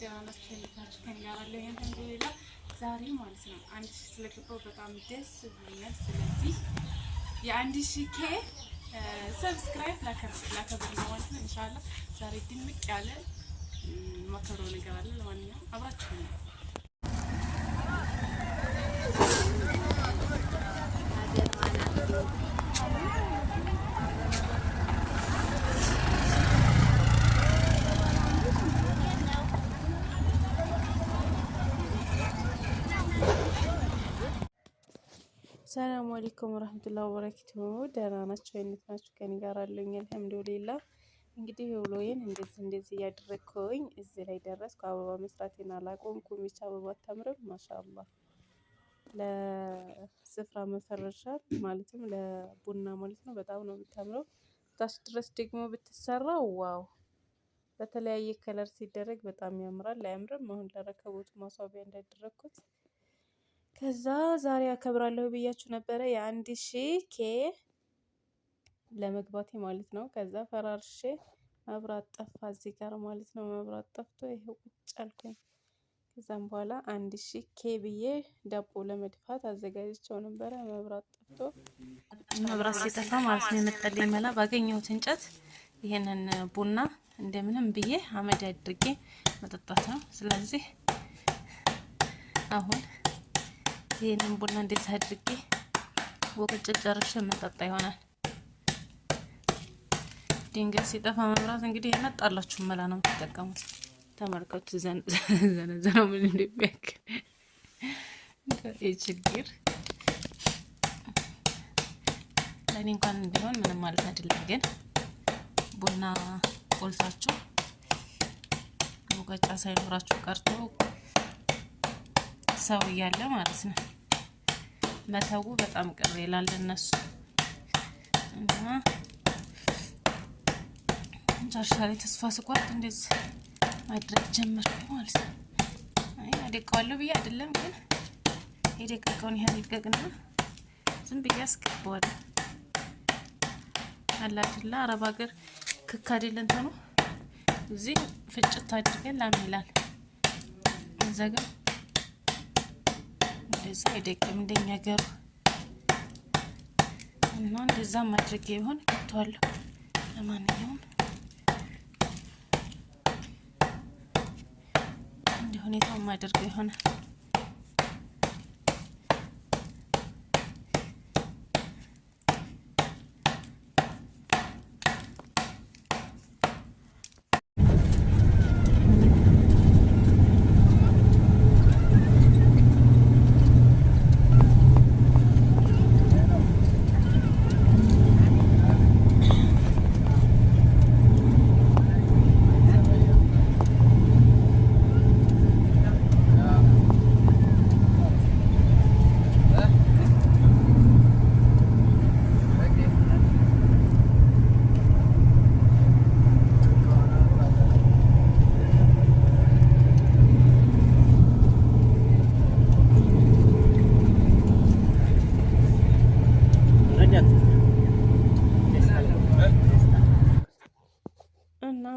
ደህና ናችሁ? ናችሁ? ከእኔ ጋር ባለው አልሐምዱሊላህ። ዛሬ ማለት ነው አንድ ሺህ ስለገባሁ በጣም ደስ ብሎኛል። ስለዚህ የአንድ ሺህ ኬ ሰብስክራይብ ላከብር ነው ማለት ነው። ኢንሻላህ ዛሬ ድምቅ ያለ ማከብረው ነገር አለ። ለማንኛውም አብራችሁ ነው ሰላም አለይኩም ወራህመቱላሂ ወበረካቱ። ደህና ናቸው አይነት ናቸው ከኔ ጋር አለኝ አልሐምዱሊላ። እንግዲህ ውሎዬን እንደዚህ እንደዚህ እያደረግኩኝ እዚህ ላይ ደረስኩ። አበባ መስራቴን አላቆምኩም። ይች አበባ አታምርም? ማሻአላ ለስፍራ መፈረሻ ማለትም ለቡና ማለት ነው በጣም ነው የምታምረው። ታች ድረስ ደግሞ ብትሰራ ዋው በተለያየ ከለር ሲደረግ በጣም ያምራል። አያምርም? አሁን ለረከቦቱ ማስዋቢያ እንዳደረግኩት ከዛ ዛሬ አከብራለሁ ብያችሁ ነበረ የአንድ ሺ ኬ ለመግባቴ ማለት ነው። ከዛ ፈራርሼ መብራት ጠፋ እዚህ ጋር ማለት ነው። መብራት ጠፍቶ ይሄው ቁጭ አልኩኝ። ከዛም በኋላ አንድ ሺ ኬ ብዬ ዳቦ ለመድፋት አዘጋጅቸው ነበረ። መብራት ጠፍቶ መብራት ሲጠፋ ማለት ነው የመጣልኝ መላ ባገኘሁት እንጨት ይህንን ቡና እንደምንም ብዬ አመድ አድርጌ መጠጣት ነው። ስለዚህ አሁን ስለዚህ ይህንን ቡና እንዴት አድርጌ ወቅጭ ጨርሼ መጠጣ ይሆናል። ድንገት ሲጠፋ መብራት እንግዲህ የመጣላችሁ መላ ነው የምትጠቀሙት። ተመልከቱ፣ ዘነዘነው ምን እንደሚያክል ችግር ለእኔ እንኳን እንዲሆን ምንም ማለት አይደለም፣ ግን ቡና ቆልታችሁ ሙቀጫ ሳይኖራችሁ ቀርቶ ሰው እያለ ማለት ነው። መተው በጣም ቅር ይላል እነሱ እና መጨረሻ ላይ ተስፋ ስቆርጥ እንደዚህ ማድረግ ጀመርኩ ማለት ነው። አይ አደቀዋለሁ ብዬ አይደለም ግን የደቀቀውን ያህል ልቀቅና ዝም ብዬ አስገባዋለሁ። አላድላ አረብ ሀገር ክክ አይደለም ተኑ እዚህ ፍጭት አድርገን ላም ይላል እዛ ግን እንደዛ አይደቅም እንደኛ ገሩ እና እንደዛ ማድረግ ቢሆን ከተዋለሁ። ለማንኛውም እንደ ሁኔታው ማድረግ ይሆናል።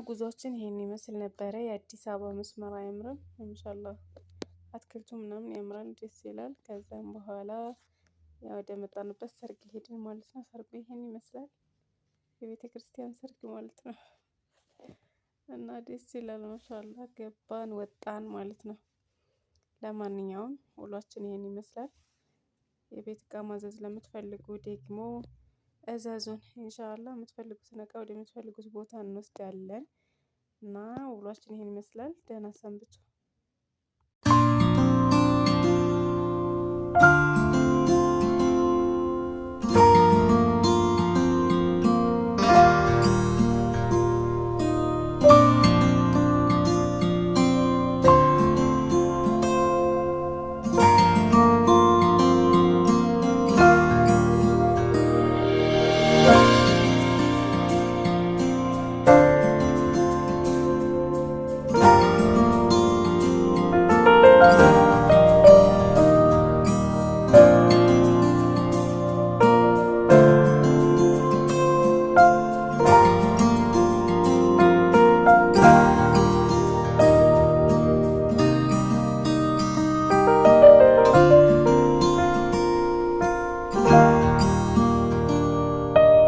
ጉዟችን ይሄን ይመስል ነበረ። የአዲስ አበባ መስመር አያምርም? እንሻላ አትክልቱ ምናምን ያምራል፣ ደስ ይላል። ከዛም በኋላ ወደ መጣንበት ሰርግ ሄድን ማለት ነው። ሰርጉ ይሄን ይመስላል፣ የቤተ ክርስቲያን ሰርግ ማለት ነው። እና ደስ ይላል። ማሻላ ገባን ወጣን ማለት ነው። ለማንኛውም ውሏችን ይሄን ይመስላል። የቤት እቃ ማዘዝ ለምትፈልጉ ደግሞ እዘዙን። እንሻላ የምትፈልጉትን እቃ ወደ የምትፈልጉት ቦታ እንወስዳለን እና ውሏችን ይህን ይመስላል። ደህና ሰንብቱ።